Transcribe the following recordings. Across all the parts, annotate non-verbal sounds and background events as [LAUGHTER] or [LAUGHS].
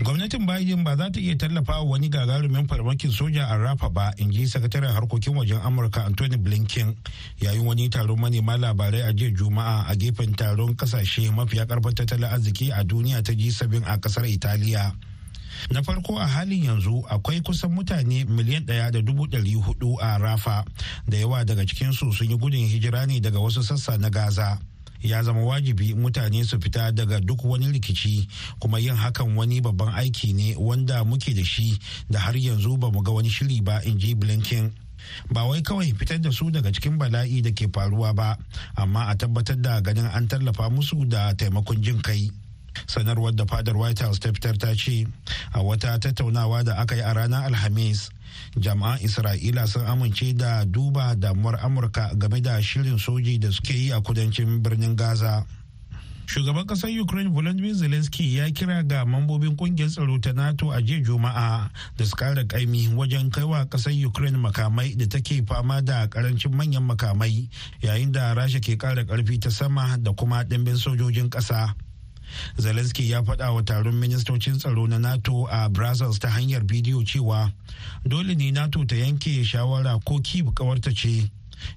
gwamnatin biden ba za ta iya tallafa wani gagarumin farmakin soja a rafa ba in ji sakataren harkokin wajen amurka anthony blinken yayin wani taron manema labarai a jiya juma'a a gefen taron kasashe mafiya karfin tattalin arziki a duniya ta ji sabin a kasar italiya na farko a halin yanzu akwai kusan mutane miliyan ɗaya da dubu ɗari hudu a rafa da yawa daga cikinsu sun yi gudun hijira ne daga wasu sassa na gaza ya zama wajibi mutane su fita daga duk wani rikici kuma yin hakan wani babban aiki ne wanda muke da shi da har yanzu ba mu ga wani shiri ba in ji blinken ba wai kawai fitar da su daga cikin bala'i da ke faruwa ba amma a tabbatar da ganin an tallafa musu da taimakon jin kai sanarwar da fadar white house ta fitar ta ce a wata tattaunawa da aka yi a ranar alhamis jama'an isra'ila sun amince da duba damuwar amurka game da shirin soji da suke yi a kudancin birnin gaza shugaban kasar ukraine volodymyr zelensky ya kira ga mambobin kungiyar tsaro ta nato a jiya juma'a da su kara kaimi wajen kaiwa kasar ukraine makamai da take fama da karancin manyan makamai yayin da rasha ke kara karfi ta sama da kuma dimbin sojojin kasa zelensky ya faɗa wa taron ministocin tsaro na nato a brazil ta hanyar bidiyo cewa dole ne nato ta yanke shawara ko kib kawarta ce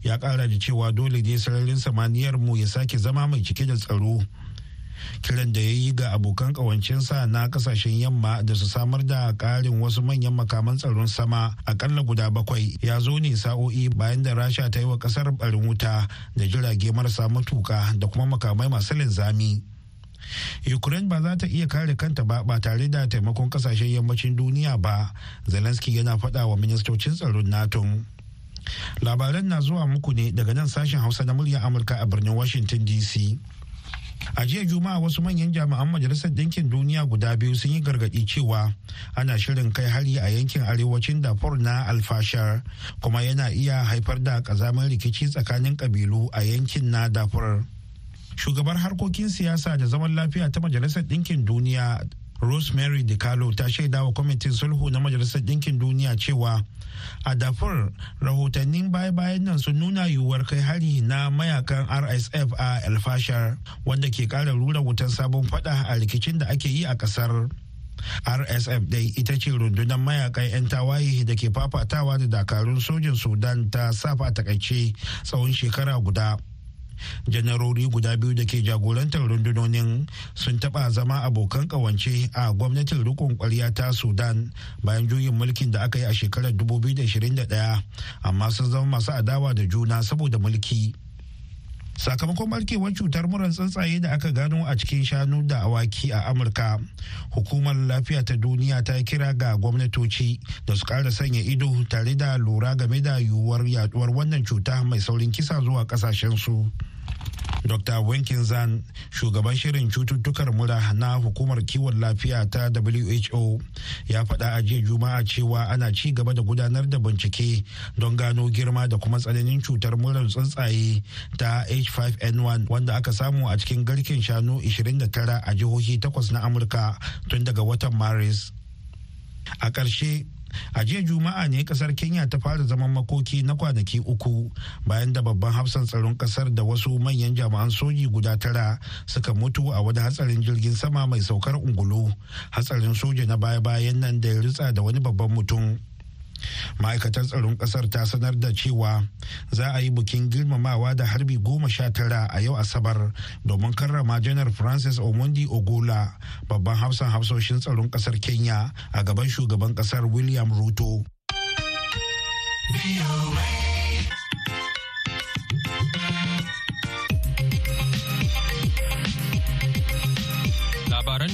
ya ƙara da cewa dole ne sararin samaniyar mu ya sake zama mai cike da tsaro kiran da ya yi ga abokan ƙawancinsa na kasashen yamma da su samar da ƙarin wasu manyan makaman tsaron sama akalla guda bakwai ya zo ne sa'o'i bayan da rasha ta yi wa ƙasar ɓarin wuta da jirage marasa matuka da kuma makamai masu linzami. ukraine ba za ta iya kare kanta ba ba tare da taimakon kasashen yammacin duniya ba zelensky yana faɗa wa ministocin tsaron nato labaran na zuwa muku ne daga nan sashen hausa na muryar amurka a birnin washington dc a jiya juma'a wasu manyan jami'an majalisar ɗinkin duniya guda biyu sun yi gargaɗi cewa ana shirin kai hari a yankin arewacin darfur na alfashar kuma yana iya haifar da ƙazamin rikici tsakanin ƙabilu a yankin na darfur shugabar harkokin siyasa da zaman lafiya ta majalisar ɗinkin duniya rosemary Calo ta shaida wa kwamitin sulhu na majalisar ɗinkin duniya cewa a dafur rahotannin baya-bayan nan sun nuna yiwuwar kai hari na mayakan rsf a alfashar wanda ke ƙara rura wutan sabon fada a rikicin da ake yi a ƙasar rsf dai ita ce rundunar mayakan 'yan tawaye da ke fafatawa da dakarun sojin sudan ta safa takaice tsawon shekara guda janarori guda biyu da ke jagorantar rundunonin sun taɓa zama abokan ƙawance a gwamnatin rikon ƙwarya ta sudan bayan juyin mulkin da aka yi a shekarar 2021 amma sun zama masu adawa da juna saboda mulki sakamakon barkewar cutar muran tsuntsaye da aka gano a cikin shanu da awaki a amurka hukumar lafiya ta duniya ta kira ga gwamnatoci da su kara sanya ido tare da lura game da yiwuwar yaduwar wannan cuta mai saurin kisa zuwa ƙasashensu. su dr winkin zan shugaban shirin cututtukar mura na hukumar kiwon lafiya ta who ya faɗa a jiya juma'a cewa ana ci gaba da gudanar da bincike don gano girma da kuma tsananin cutar murar tsuntsaye ta h5n1 wanda aka samu a cikin garkin shanu 29 a jihohi 8 na amurka tun daga watan maris a ƙarshe a jiya juma'a ne kasar kenya ta fara zaman makoki na kwanaki uku bayan da babban hafsan tsaron kasar da wasu manyan jami'an soji guda tara suka mutu a wani hatsarin jirgin sama mai saukar ungulu hatsarin soja na baya-bayan nan da ya ritsa da wani babban mutum ma'aikatar tsaron kasar ta sanar da cewa za a yi bikin girmamawa da harbi goma sha tara a yau asabar domin karrama janar francis omondi ogola babban hafsan hafsoshin tsaron kasar kenya a gaban shugaban kasar william ruto.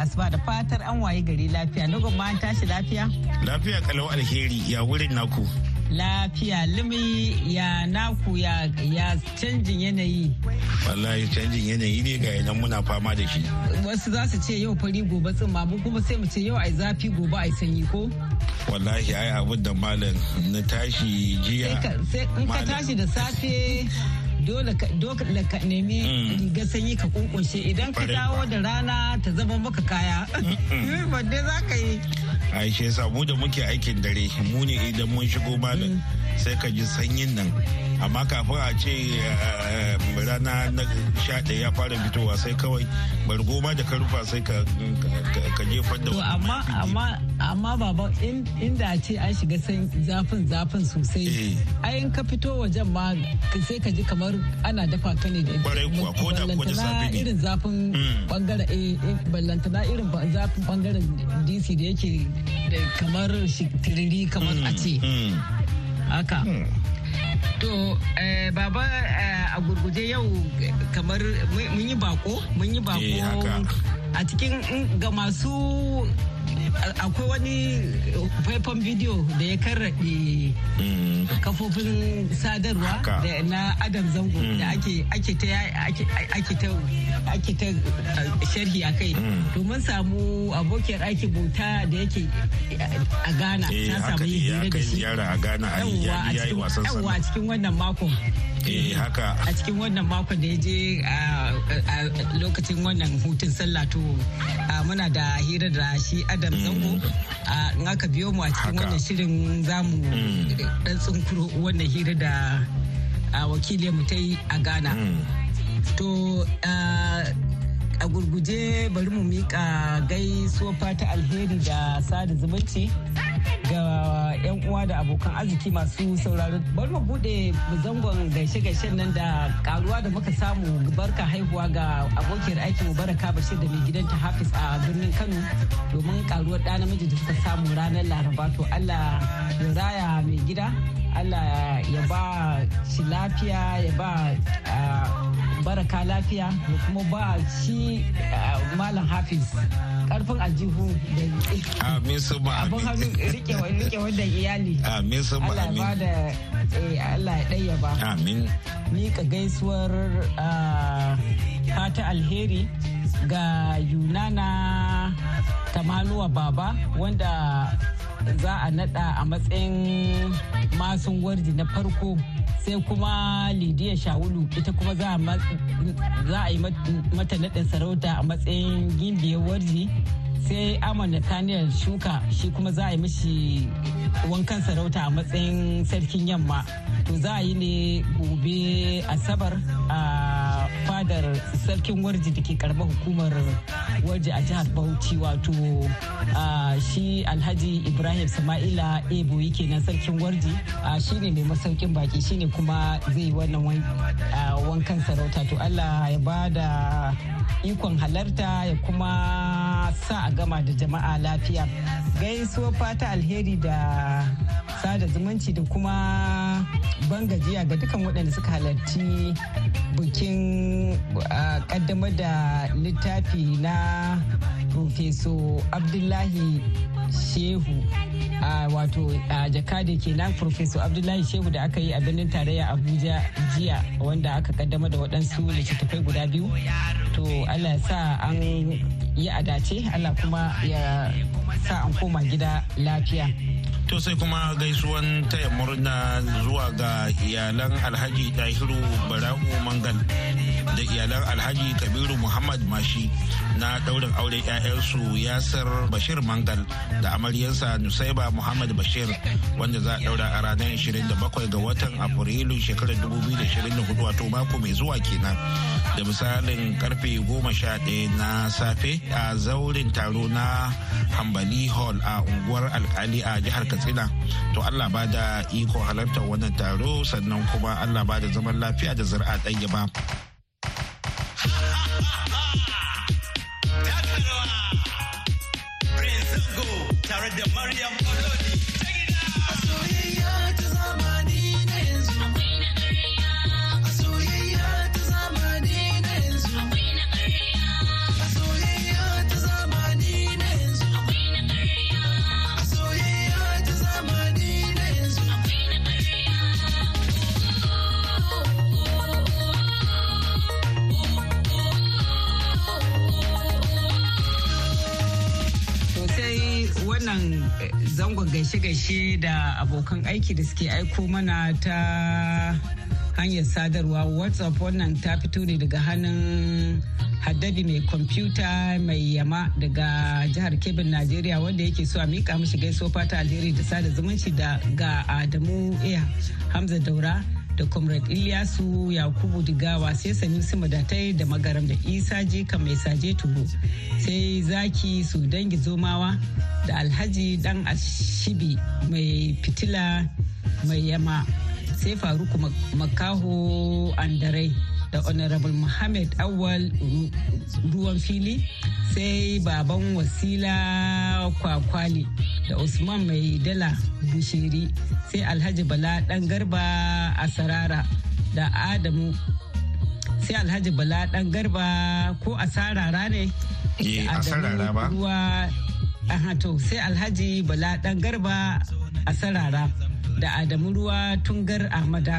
asuba da fatar an waye gari lafiya lugun ma an tashi lafiya lafiya kalau alheri ya wurin naku lafiya limi ya naku ya canjin yanayi wallahi canjin yanayi ne ga yanan muna fama da shi wasu za su ce yau fari gobe tsumma mu kuma sai mu ce yau ai zafi gobe ai sanyi ko wallahi ai abin da malam na tashi jiya sai ka tashi da safe [LAUGHS] dole ka nemi mm. rigar sanyi ka kunkunshe idan ka dawo da rana ta zama maka kaya [LAUGHS] wadda za ka yi aishe mu da muke aikin dare mu ne idan mun shigo malam mm. sai ka ji sanyin nan amma kafin a ce eh, rana na sha ya fara fitowa sai kawai bar goma da karfa sai ka jefar da amma amma amma baba inda a ce an shiga zafin zafin sosai eh. ayin ka fito wajen ma sai ka ji kamar ana dafa ka ne da ballantana irin zafin bangaren ballantana irin zafin bangaren dc da yake kamar tiriri kamar a hmm, ce hmm. haka hmm. To, eh, baba eh, a gurguje yau kamar mun yi bako, mun yi bako eh, a cikin ga masu akwai wani faifan bidiyo da ya karraɗe kafofin sadarwa da na adam zango hmm. da ake ta uh, sharhi a kai hmm. domin samu abokiyar aiki bauta da yake a ghana eh, ta samu yi hira da shi a a cikin wannan makon eh haka a cikin wannan makon da ya je a lokacin wannan hutun sallah to muna da hira da shi adam mm. zango a aka biyo mu a cikin wannan shirin zamu mm. dan tsinkuro wannan hira da wakilin mu ta yi a ghana mm. to a gurguje bari mu mika gaisuwa fata alheri da sada zumunci ga 'yan uwa da abokan arziki masu sauraro bari mu bude zangon gaishe gaishe nan da karuwa da muka samu barka haihuwa ga abokiyar aikin mu baraka bashir da mai gidanta hafiz a birnin kano domin karuwar da namiji da suka samu ranar laraba to allah ya raya mai gida allah ya ba shi lafiya ya ba ah, baraka lafiya da kuma ba shi eh, malam hafiz karfin aljihu da yi abin hannu rike wanda iyali da eh, Allah ya ɗaya ba gaisuwar ah, fata alheri ga yunana tamaluwa baba wanda za a nada a matsayin masun wardi na farko sai kuma lidiya shawulu ita kuma za a yi mata naɗin sarauta a matsayin gimbiyar warji sai amana nathaniel shuka shi kuma za a yi mashi wankan sarauta a matsayin sarkin yamma to za a yi ne gobe asabar a fadar sarkin warji da ke karɓar hukumar warji a jihar bauchi wato shi alhaji ibrahim sama'ila ebo yake nan sarkin warji shi ne mai masaukin baki shi ne kuma zai wannan wankan sarauta to allah ya ba da ikon halarta ya kuma sa a gama da jama'a lafiya gaisuwa fata alheri da sada zumunci da kuma ban gajiya ga dukkan waɗanda suka halarci bukin kaddama da littafi na profeso abdullahi shehu a wato a ke kenan profeso abdullahi shehu da aka yi a birnin tarayya abuja jiya wanda aka kaddama da waɗansu littattafai guda biyu to allah sa an yi adace allah kuma ya sa an koma gida lafiya To sai kuma gaisuwan taya murna zuwa ga iyalan Alhaji Dahiru Bara'u Mangal da iyalan alhaji kabiru muhammad mashi na daurin auren 'ya'yansu yasir bashir mangal da amaryarsa nusaiba muhammad bashir wanda za a daura a ranar 27 ga watan afrilu shekarar 2024 wato mako mai zuwa kenan da misalin karfe 11 na safe a zaurin taro na hambali hall a unguwar alkali a jihar katsina to allah ba da iko halartar wannan taro sannan kuma allah ba da zaman lafiya da zira'a a ba abokan aiki da suke aiko mana ta hanyar sadarwa whatsapp wannan ta fito ne daga hannun haddabi mai kwamfuta mai yama daga jihar kebin najeriya wanda yake so a mika mashi gaisuwa fata alheri da sada zumunci da ga adamu iya hamza daura da comrade ilyasu yakubu digawa sai sanusi madatai da magaram da isa jika mai saje turo sai zaki su dangi zomawa da alhaji dan ashibi mai fitila mai yama sai faruku makaho andarai da honorable muhammad awal ruwan fili sai baban wasila kwakwali da usman mai dala bushiri sai alhaji bala dan garba a sarara da adamu sai alhaji bala dan garba ko a sarara ne eh, a sarara ba to sai alhaji bala dan garba a sarara da adamu ruwa tungar ahmada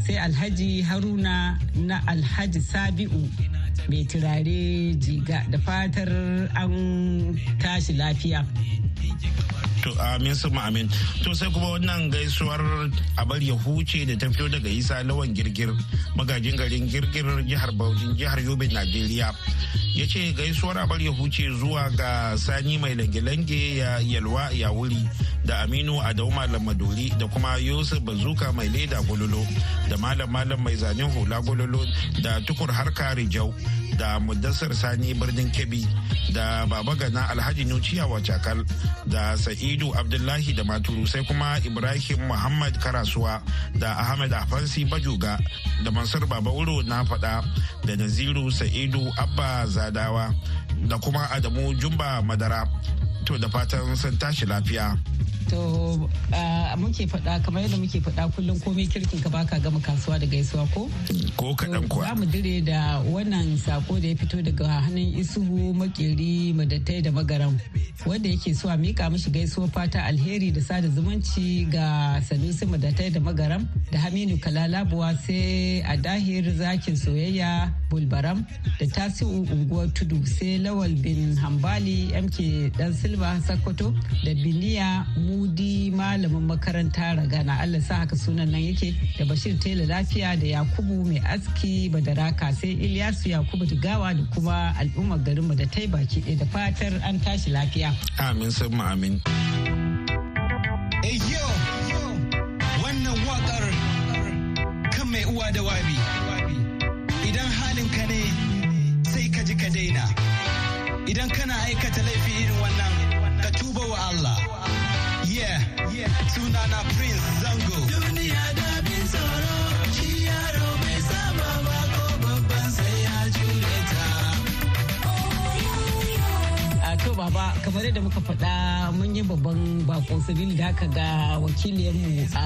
sai alhaji haruna na alhaji sabi'u mai turare jiga da fatar an tashi lafiya to amin su amin to sai kuma wannan gaisuwar abar ya huce da ta fito daga isa lawan girgir magajin garin girgir jihar bauchi jihar yobe najeriya ya ce gaisuwar abar ya huce zuwa ga sani mai lange-lange ya yalwa ya wuri da aminu a dauma lamaduri da kuma yusuf bazuka mai leda gololo da malam malam mai zanen hula gololo da tukur harka rijau da mudassar sani birnin kebbi da baba gana alhaji nuciya wacakal da sa'idu abdullahi da maturu sai kuma ibrahim muhammad karasuwa da ahmed afansi bajuga da mansur baba uru na fada da naziru sa'idu abba Sadawa da kuma Adamu Jumba Madara. To da fatan sun tashi lafiya. to eh, muke faɗa kamar yadda muke faɗa kullum komai kirkin ka baka gama kasuwa da gaisuwa ko ko kaɗan kuwa za mu dire da wannan sako da ya fito daga hannun isuhu makeri madattai da magaram wanda yake so a mika mishi gaisuwa fata alheri da sada zumunci ga sanusi madattai da magaram da haminu kalalabuwa sai a dahir zakin soyayya bulbaram da tasiu unguwar tudu sai lawal bin hambali mk dan silva sakkwato da biniya mu Mudi malamin makaranta ragana Allah sa haka sunan nan yake da Bashir Tela lafiya da Yakubu mai aski badaraka sai Ilyasu Yakubu Digawa da kuma al'ummar garinmu da ta baki da fatar an tashi lafiya. Amin sun amin. Hey, prince zango duniya da ya jure a to baba kamar yadda muka faɗa mun yi babban bakon sabili da aka ga wakiliyarmu a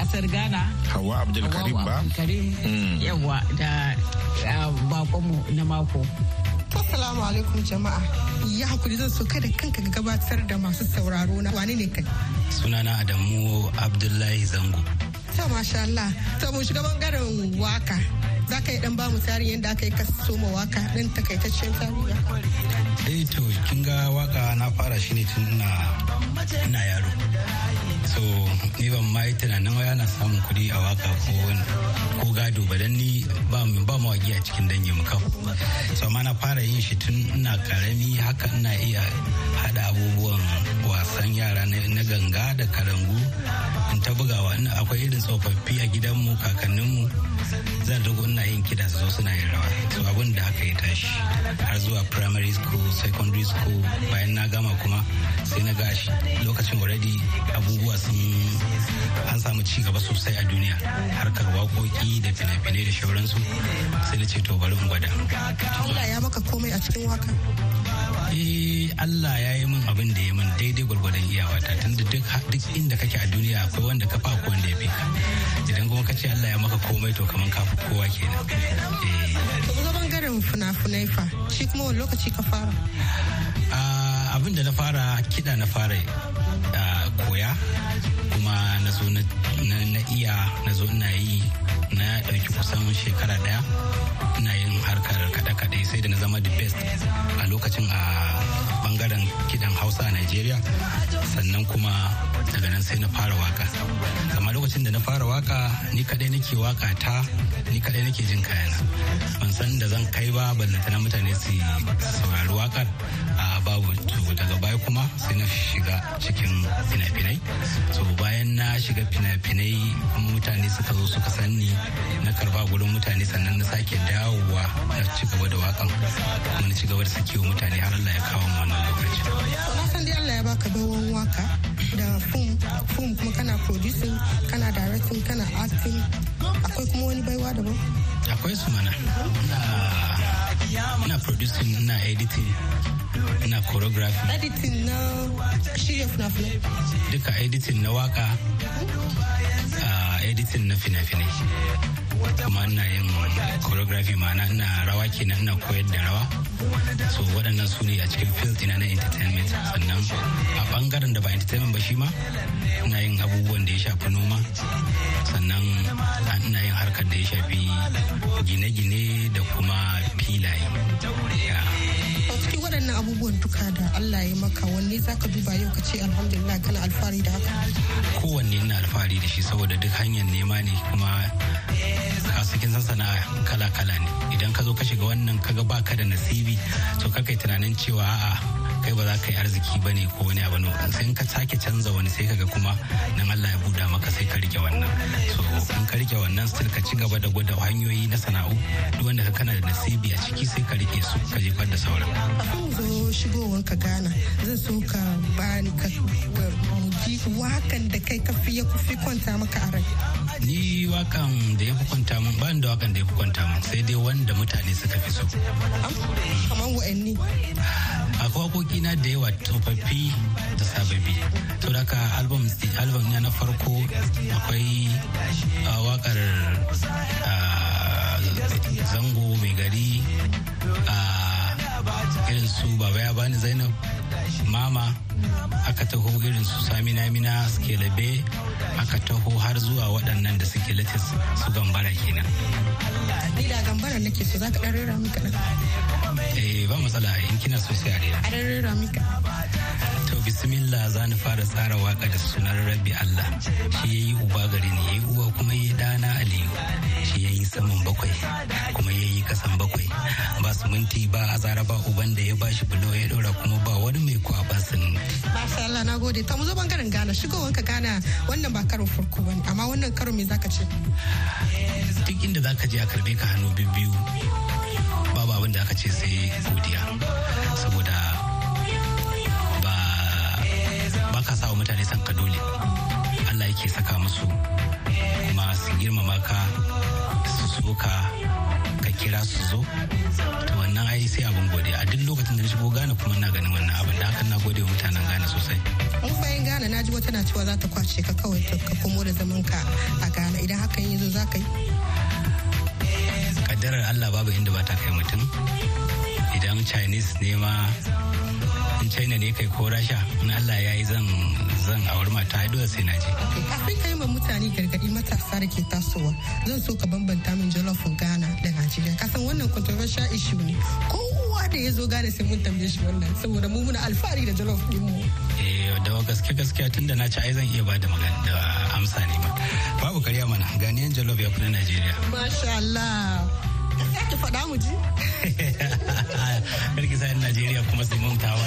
kasar ghana hawa abdulkarim ba hmm. yawa da bakonmu na mako Assalamu alaikum jama'a. Ya hakuri zan so kada kanka ga gabatar da masu sauraro na wani ne kai. Sunana Adamu Abdullahi Zango. Ta masha Allah. Ta mu shiga bangaren waka. Za ka yi dan ba mu tarihin yadda aka yi kaso ma waka dan takaitaccen tarihi. Eh to kin waka na fara shi ne tun ina yaro. so ni ban ma yi tunanin wa na samun kuɗi a waka ko wani ko gado ba dan ni ba mawaki a cikin dangin mu kawai so amma na fara yin shi tun ina karami haka ina iya haɗa abubuwan wasan yara na ganga da karangu in ta bugawa ina akwai irin tsofaffi a gidanmu kakanninmu zan dogo ina yin kiɗa su zo suna yin rawa to abin da haka ya tashi har zuwa primary school secondary school bayan na gama kuma sai na gashi lokacin already abubuwa sun an samu ci gaba sosai a duniya harkar wakoki da fina-finai da shauransu sai na ce to bari in gwada. Allah ya maka komai a cikin waka. Eh, Allah ya yi min abin da ya min daidai gwargwadon iyawata tun da duk inda kake a duniya akwai wanda ka fa ko wanda ya fi ka idan kuma ka ce Allah ya maka komai to kaman ka kowa kenan eh kuma bangaren fina fa shi kuma wani lokaci ka fara ah, abin da na fara kiɗa na fara ah, koya kuma na zo na iya na zo ina yi na ya ɗauki kusan shekara ɗaya ina yin harkar kaɗe-kaɗe sai da na zama the best a lokacin a bangaren kiɗan hausa a nigeria sannan kuma daga nan sai na fara waka amma lokacin da na fara waka ni kaɗai nake waka ta ni kaɗai nake jin kayana ban san da zan kai ba ballantana mutane su saurari wakar a babu daga baya kuma sai na shiga cikin fina-finai so bayan na shiga fina-finai kuma mutane suka zo suka san ni na karba gurin mutane sannan na sake dawowa na ci gaba da wakan kuma na ci gaba da sakewa mutane har Allah ya kawo mana lokaci. Na san dai Allah ya baka bawon waka da fun fun kuma kana producing kana directing kana acting akwai kuma wani baiwa daban? Akwai su mana. Ina producing ina editing na choreography editing na shirya fina-finai duka editing na waka editing na fina-finai kuma ina yin choreography ma'ana ina rawa kenan ina koyar da rawa so waɗannan su ne a cikin field ɗina na entertainment sannan a ɓangaren da ba entertainment ba shi ma ina yin abubuwan da ya shafi noma sannan ina yin harkar da ya shafi gine-gine da kuma filaye cikin waɗannan abubuwan duka da Allah ya maka wanne za ka duba yau ka ce alhamdulillah kana alfahari da haka kowanne ina alfahari da shi saboda duk hanyar nema ne kuma a cikin sana'a kala-kala ne idan ka zo ka shiga wannan kaga baka da nasibi to kakai tunanin cewa a'a kai ba za ka yi arziki ba ne ko wani abu ne sai ka sake canza wani sai kaga kuma nan Allah ya buda maka sai ka rike wannan so in ka rike wannan still ka ci gaba da gwada hanyoyi na sana'u duk wanda ka kana da nasibi a ciki sai ka rike su ka jefar da sauran. Kafin zo shigowar ka gana zan so ka bani ka ji wakan da kai ka fi ya fi kwanta maka a rai ni wakan da ya fi kwanta min ban da wakan da ya fi kwanta min sai dai wanda mutane suka fi so kamar wa'anni akwai wakoki na da yawa tofaffi da sababbi to da album album ya na farko akwai wakar zango mai gari irin su baba ya bani zainab mama aka taho irin su sami namina suke labe aka taho har zuwa waɗannan da suke latis su gambara kenan. Ni da gambara nake so za ka ɗan rera min kaɗan. Eh ba matsala in kina so sai a rera. A ɗan rera min kaɗan. bismillah za ni fara tsara waka da sunan rabbi allah shi ya yi uba gari ni ya yi uwa kuma ya yi ɗana aliyu shi ya yi saman bakwai kuma ya yi kasan bakwai ba su minti ba a zara ba uban da ya ba shi bulo ya ɗora kuma ba wani mai kwa ba su masha allah na gode ta mu zo bangaren gana ka gana wannan ba karin farko ba amma wannan karin me zaka ce duk inda zaka je a karbe ka hannu biyu babu abin da aka ce sai godiya saboda ka su soka ka kira su zo to wannan ai sai abin gode a duk lokacin da na shigo gane kuma na ganin wannan abin da hakan na gode wa mutanen gane sosai in bayan gane na ji wata na cewa za ta kwace ka kawai ka komo da zaman ka a gane idan hakan yi zo za ka yi kaddarar allah babu inda ba ta kai mutum idan chinese ne ma in china ne kai ko rasha in allah ya yi zan zan auri mata dole sai na je. Kafin ka yi mutane gargadi matasa da ke tasowa zan so ka bambanta min jollof Ghana da Najeriya. Kasan wannan controversial issue ne. Kowa da ya zo Ghana sai mun tambaye shi wannan saboda mu muna alfahari da jollof ɗin mu. Eh da gaske gaskiya tun da na ci ai zan iya bada magana da amsa ne ma. Babu karya mana ganiyan jollof ya fi na Najeriya. Masha Allah. Ka sake faɗa mu ji. [LAUGHS] Karki sa Najeriya kuma simon mun kawo.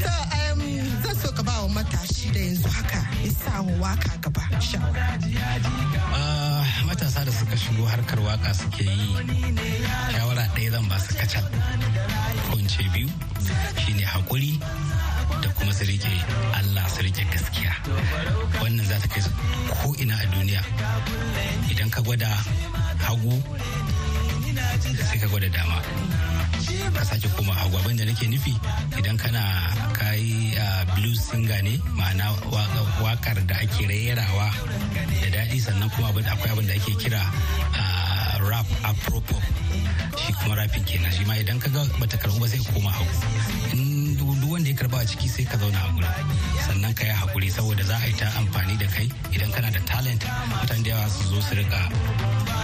To um, zan so ka ba wa matashi da yanzu haka ya sa wa waka gaba shawara. Ah, matasa da suka shigo harkar waka suke yi shawara ɗaya zan ba su kacal. Ko biyu shine hakuri da kuma su rike Allah su rike gaskiya wannan za ta kai ko ina a duniya idan ka gwada hagu sai ka gwada dama ka sake koma hagu abin da nake nufi idan kana kayi blues singer ne ma'ana wakar da ake rerawa da daɗi sannan kuma akwai abin da ake kira rap apropo shi kuma rapin kenan shi ma idan kaga bata karbu ba sai koma hagu karba a ciki sai ka zauna a gurin sannan ka yi hakuri saboda za a yi ta amfani da kai idan kana da talent mutane da yawa su zo su rika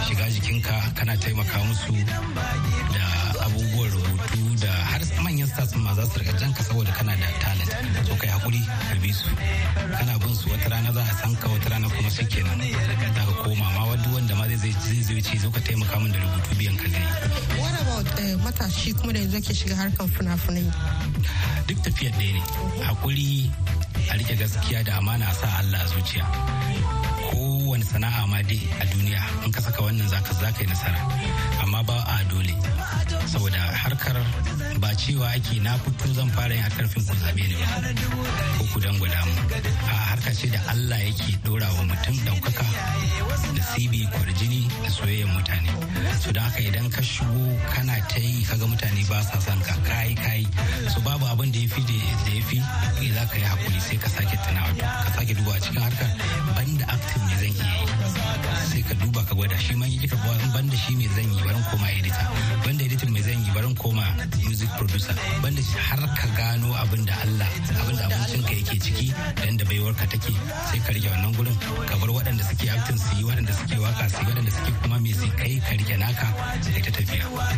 shiga jikinka kana taimaka musu da abubuwan rubutu da har manyan stars ma za su jan janka saboda kana da talent so kai hakuri ka bi su kana bin su wata rana za a san ka wata rana kuma shi kenan za ka koma ma wadda wanda ma zai zai ce zo ka taimaka min da rubutu biyan ka zai what about eh, matashi kuma da yanzu ke shiga harkan funafunai duk tafiyar ɗaya ne hakuri a rike gaskiya da amana a sa Allah zuciya kowane sana'a ma dai a duniya in ka saka wannan za zaka yi nasara ba a dole saboda harkar ba cewa ake na fito zan fara yin karfin ku zabe ne ba ko ku dan guda mu a harka ce da Allah yake dora wa mutum daukaka da sibi kwarjini da soyayyen mutane su da haka idan ka shigo kana ta yi kaga mutane ba sa san ka kai kai su babu abin da ya fi da ya fi eh, za ka yi hakuri sai ka sake tunawa ka sake duba cikin harkar banda active ne zan iya yi sai ka duba ka gwada shi ma kika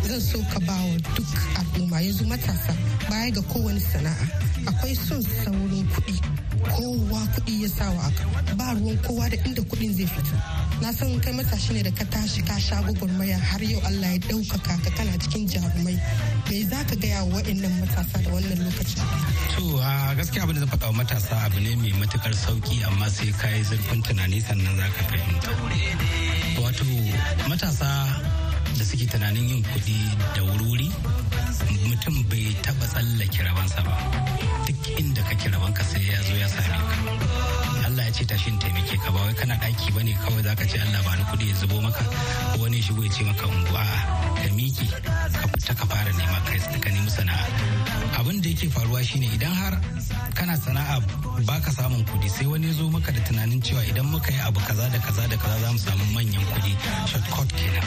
zan so ka ba wa duk al'umma yanzu matasa baya ga kowane sana'a akwai son saurin kuɗi kowa kuɗi ya wa aka ba ruwan kowa da inda kuɗin zai fita na san kai matashi ne da ka tashi ka sha gwagwarmaya har yau Allah ya ɗaukaka ka kana cikin jarumai me za ka gaya wa waɗannan matasa da wannan lokacin to a gaskiya abin da zan faɗa wa matasa abu ne mai matukar sauki amma sai ka yi zurfin tunani sannan za ka fahimta wato matasa da suke tunanin yin kuɗi da wuri mutum bai taɓa tsallake rabansa ba duk inda kake rabanka sai ya zo ya same ka Allah ya ce tashi in taimake ka ba wai kana ɗaki bane kawai zaka ce Allah ba ni kuɗi ya zubo maka wani shigo ya ce maka unguwa ka miki ka fita ka fara nema kai ka nemi sana'a abin da yake faruwa shine idan har kana sana'a baka samun kuɗi sai wani zo maka da tunanin cewa idan muka yi abu kaza da kaza da kaza za mu samu manyan kuɗi shortcut kenan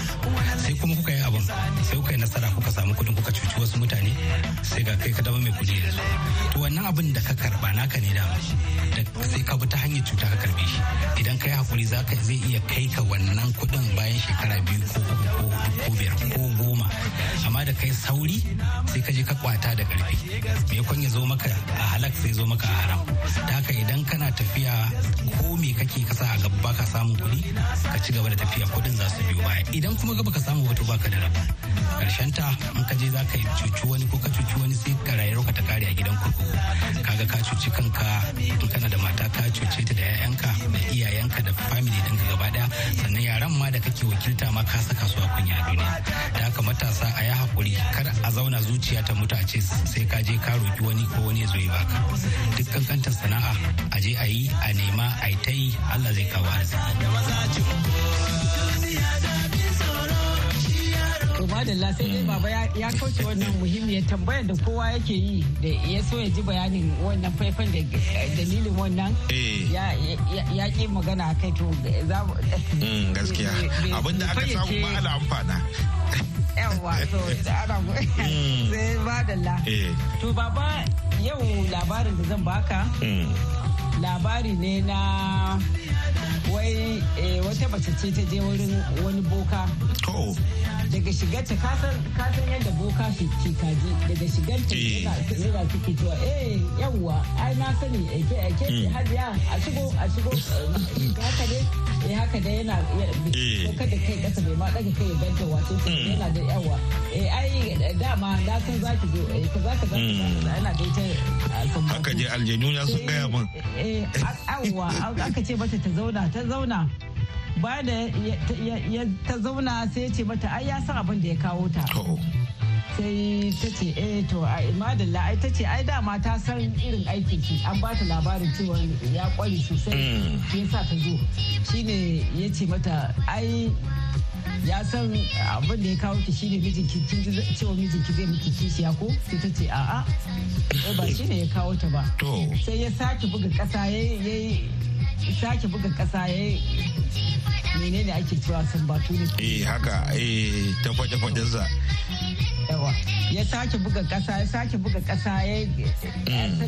sai kuma kuka yi abun sai kuka yi nasara kuka samu kuɗin kuka cuci wasu mutane sai ga kai ka zama mai kuɗi yanzu to wannan abin da ka karba naka ne dama sai ka bi ta hanyar cuta ka karbe shi idan ka yi hakuri za ka zai iya kai ka wannan kuɗin bayan shekara biyu ko uku ko hudu ko biyar ko goma amma da kai sauri sai ka je ka kwata da karfi me kun ya zo maka a halak sai zo maka haram ta haka idan kana tafiya ko me kake kasa a gaba baka samun kuɗi ka ci gaba da tafiya kuɗin za su biyo baya idan kuma gaba ka samu wato baka da rabu karshen ta in ka je za ka cuci wani ko ka cuci wani sai ka rayuwar ka ta kare a gidan kurkuku kaga ka cuci kanka in kana da mata ka cuce ta da 'ya'yanka da iyayenka da family ɗinka gaba ɗaya sannan yaran ma da kake wakilta ma ka saka su a kunya duniya da haka matasa a yi hakuri kar a zauna zuciya ta mutu a ce sai ka je ka roki wani ko wani ya zo yi baka duk kankantar sana'a a je a yi a nema a ta yi allah zai kawo arziki. madalla sai dai baba ya kauce wannan muhimmiyar tambayar da kowa yake yi da ya so ya ji bayanin wannan faifan da dalilin wannan eh. ya ƙi magana a kai to mm, gaskiya [LAUGHS] abinda aka samu ba ala amfana yawa to ana mm. [LAUGHS] sai madalla eh. to baba yau labarin da zan baka hmm. labari ne na wai eh, wata mace ce ta je wurin wani boka daga shigarta kasan yadda boka ke kaji daga shigarta eh. yana suke cewa eh yawwa ai na sani ake ake hmm. a shigo a shigo eh, haka ne ya eh, haka da yana eh. da kai kasa bai ma daga kai ganta wato hmm. yana da yawa eh ai dama zo eh ka hmm. yana da ita haka je aljanu ya sun gaya min eh, eh awwa aka ce mata ta zauna ta zauna bayan da ta zauna sai ya ce mata ai ya san abin da ya kawo ta oh. sai eh, ta ce eh to madalla ai ta ce ai dama ta san irin aiki ki an ba ta labarin cewa ya kware sosai hmm. ya sa ta zo shine ya ce mata ai ya san abin da ya kawo ki shine mijinki kin ji cewa mijinki zai miki kishiya ko sai ta ce a'a ba shine ya kawo ta ba sai ya sake buga kasa ya sake buga kasa ya menene ake cewa sun batu ne eh haka eh ta kwaje kwajensa yawa ya sake buga kasa ya sake buga kasa ya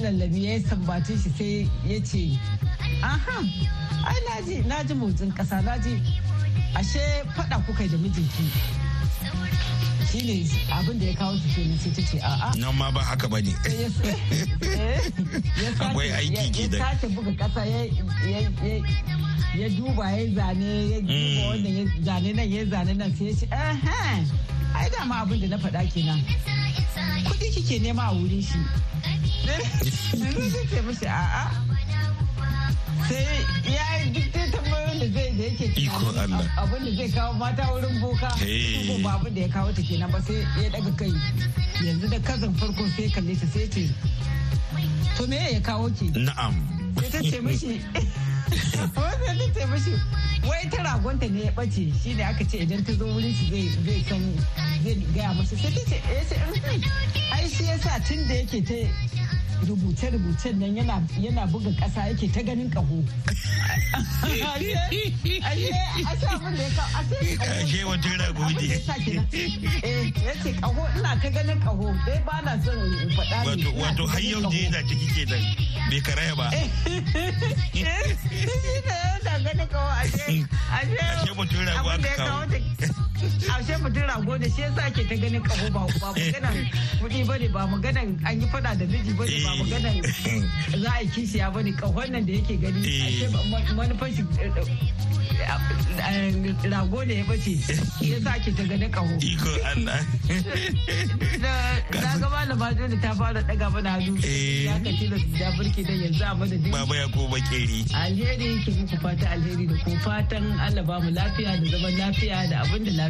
lallami ya mm. sambace shi sai ya ce aha ai naji naji motsin kasa naji ashe fada kuka da mijinki shine abin da ya kawo su ke nisa ta ce a a. nan ma ba haka bane akwai aiki ke da ya sake buga kasa ya duba ya zane ya duba mm. wannan ya zane nan ya zane nan sai ya ce aha ai dama abin da na faɗa kenan kuɗi kike nema a wurin shi yanzu zai ce mishi a'a sai ya yi duk dai tambayoyin da zai da yake iko abin da zai kawo mata wurin boka ko ba abin da ya kawo ta kenan ba sai ya daga kai yanzu da kazan farko sai kalle ta sai ce to me ya kawo ki na'am sai ta ce mishi [LAUGHS] ta ce shi wai ta ragonta ne ya bace shi ne aka ce idan ta zo wurin shi zai san zai gaya masa sai ta ce eh sai ai shi yasa tun da yake ta rubuce-rubucen nan yana buga kasa yake ta ganin kaho. Ashe eh, ce ina ta ganin kaho ba na son faɗa ne. Wato yau da ciki ke bai karaya ba. Eh, [LAUGHS] ashe. [LAUGHS] ashe mutum rago ne shi yasa ke ta ganin kaho ba ba maganan kuɗi ne ba maganan an yi fada da miji ne ba eh. maganan za a yi kishiya bane kahon nan da yake gani eh. ashe manufan eh, rago ne ya bace ya sa ke ta gani kaho. Iko Allah. [LAUGHS] Na ga malama dole ta fara daga mana hannu. Ya ka tilo da burki da yanzu a madadin. Baba ya ko bakeri. Alheri ke muku fata alheri da ku fatan Allah ba mu lafiya da zaman lafiya da abin da lafiya.